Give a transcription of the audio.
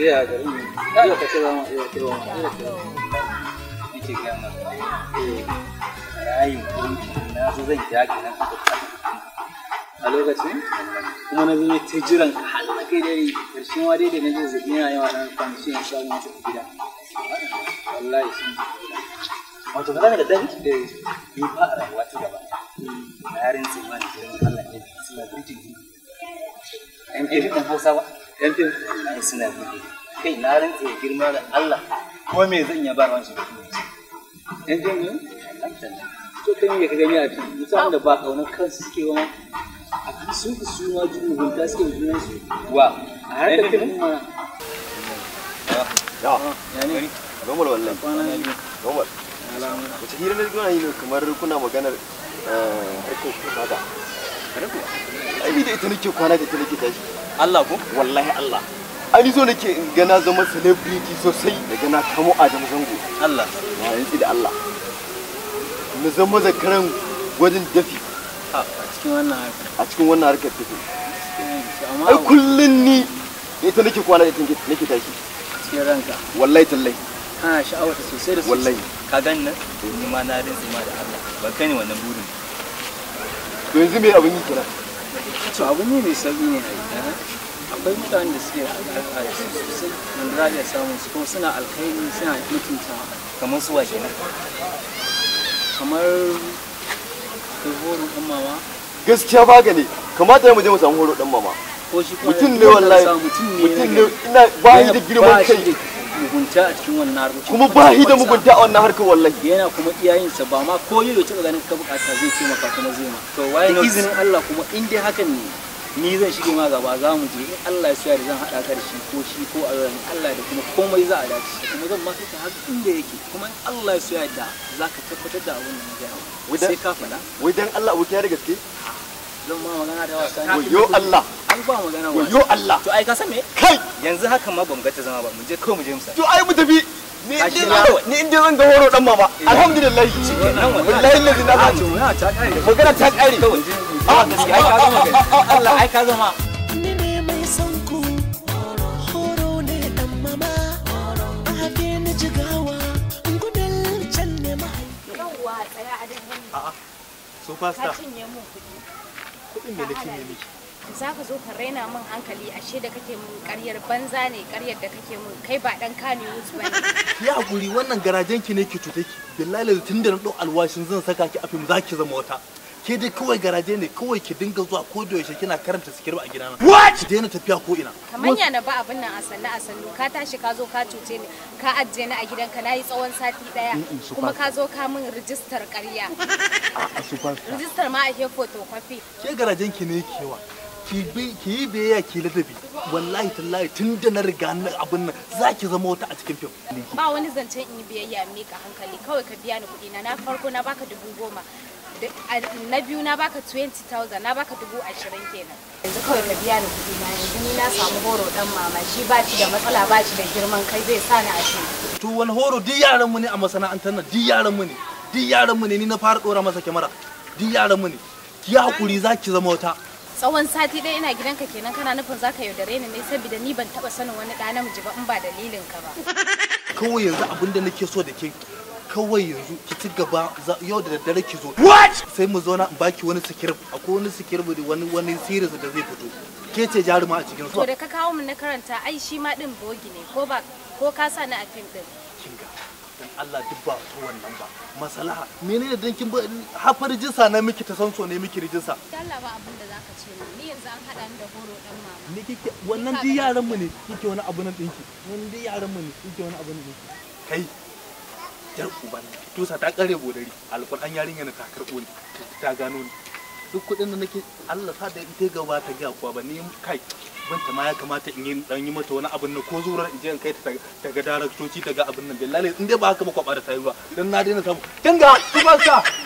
Iya, dari Iya, kasih lama, iya, kasih lama, iya, kasih lama. Ini cek lama. Rayu, na su zan kira ki nan a lokacin kuma na zo ta jiran ka har na kai dare karshen wa dai da na zazzabi yana yawa na kwanci na shagon ta gida wallahi sun wato ka da ni ba a rayuwa ta gaba na yarin tsimma da jiran Allah ne suna 'yan fim ɗin hausa ba 'yan fim ai suna buɗe kai na rantse girma da Allah ko me zan ya ba ran shi Yan fim ne to kan me ka gani a fim mutanen da ba kaunar kansu suke wa a kan sun fi su ma jin mugunta suke junan su wa a har da fim ma ah, ya ne gomar gomar gona yi kamar kuna maganar eh, harkar ai ni da ita nake kwana da ita nake tashi Allah ko wallahi Allah ani zo nake in ga na zama celebrity sosai daga na kamo Adam Zango Allah na yi da Allah na zama zakaran gwajin dafi a cikin wannan harkar a cikin wannan harkar take ai kullun ni ita nake kwana da ita nake tashi cikin ranka wallahi tallahi Shaawa sha'awata sosai da sosai wallahi ka gani nan ni ma na rinzi ma da Allah ba kai ne wannan burin to yanzu me abin yi kira to abin yi mai sauki ne eh? akwai mutanen da suke da su sosai wanda a iya samun su kuma suna alkhairi suna mutunta kamar kenan kamar mama gaskiya ba kamata mu je mu samu horo dan mama mutum ne wallahi mutum ne ina ba da girman mugunta a cikin wannan harkar kuma ba shi da mugunta a wannan harkar wallahi yana kuma sa ba ma ko yau ta ganin ka bukata zai ce maka kuma zai ma to why not izinin Allah kuma in dai hakan ne ni zan shige ma gaba za mu je in Allah ya soya zan hada karshe ko shi ko Allah da kuma komai za a dace kuma zan ma kai ka har inda yake kuma in Allah ya soya da zaka tabbatar da abin da ya sai ka faɗa wai dan Allah abokiya da gaske zan ma magana da wasa ne yo Allah an ba magana wasa yo Allah to ai ka san me kai yanzu haka ma ban ta zama ba mu je kawai mu je to ai mu tafi ni inda zan ga horo dan mama eh. alhamdulillah wallahi lazi na ah, ba magana ta kare kawai a gaskiya ka zama Allah ai ka zama ah, ah, So fasta. kuɗin nake ne za ka zo ka raina min hankali ashe da kake min karyar banza ne karyar da kake min kai ba dan kane wuce ba ya hakuri wannan garajen ki ne ke cuta ki billahi tun da na dau alwashin zan saka ki a fim za ki zama wata ke dai kawai garaje ne kawai ki dinga zuwa ko da yaushe kina karanta sikirba a gidana what ki daina tafiya ko ina kamar ya na ba abin nan a sannu a sannu ka tashi ka zo ka cuce ni ka ajje ni a ka nayi tsawon sati daya kuma ka zo ka min rijistar ƙarya a su Rijistar ma ake photocopy. Ke garajen ki ne kewa. Ki yi biyayya ki ladabi. Wallahi tallahi tun da na riga na abin nan za ki zama wata a cikin fim. Ba wani zancen in yi biyayya mika hankali kawai ka biya ni kuɗi na na farko na baka dubu goma. na biyu na baka 20,000 na baka dubu ashirin kenan yanzu kawai ka biya ni kuɗi na yanzu ni na samu horo dan mama shi ba shi da matsala ba shi da girman kai zai sa ni a to wani horo duk yaran mu ne a masana'antar nan duk yaran mu ne duk yaran mu ne ni na fara dora masa kyamara duk yaran mu ne ki hakuri zaki zama wata tsawon sati ɗaya ina gidanka kenan kana nufin zaka yaudare ni ne saboda ni ban taba sanin wani ɗa namiji ba in ba dalilin ka ba kawai yanzu abin da nake so da ke kawai yanzu ki ci gaba yau da daddare ki zo what sai mu zauna in baki wani sikirbu akwai wani sikirbu da wani wani da zai fito ke ce jaruma a cikin su to da ka kawo min na karanta ai shi ma din bogi ne ko ba ko ka sa ni a fim din kinga Allah duk ba ta wannan ba masalaha menene dan kin hafar jinsa na miki ta sanso ne miki rijinsa Allah ba abin da zaka ce ni yanzu an hada ni da horo dan mama ni kike wannan duk yaran mu ne kike wani abu nan dinki wannan duk yaran mu ne kike wani abu nan dinki kai yar uban tusa ta kare bodari alƙur'an yarinya na ta karbo ni ta gano ni duk kudin da nake Allah sa da ita gaba ta ga kuwa ba ni kai banta ma ya kamata in yi dan yi mata wani abin nan ko zuwa in je in kai ta ta ga daraktoci ta ga abin nan billahi in dai ba haka ba kwabar da ba dan na daina samu kinga ki ba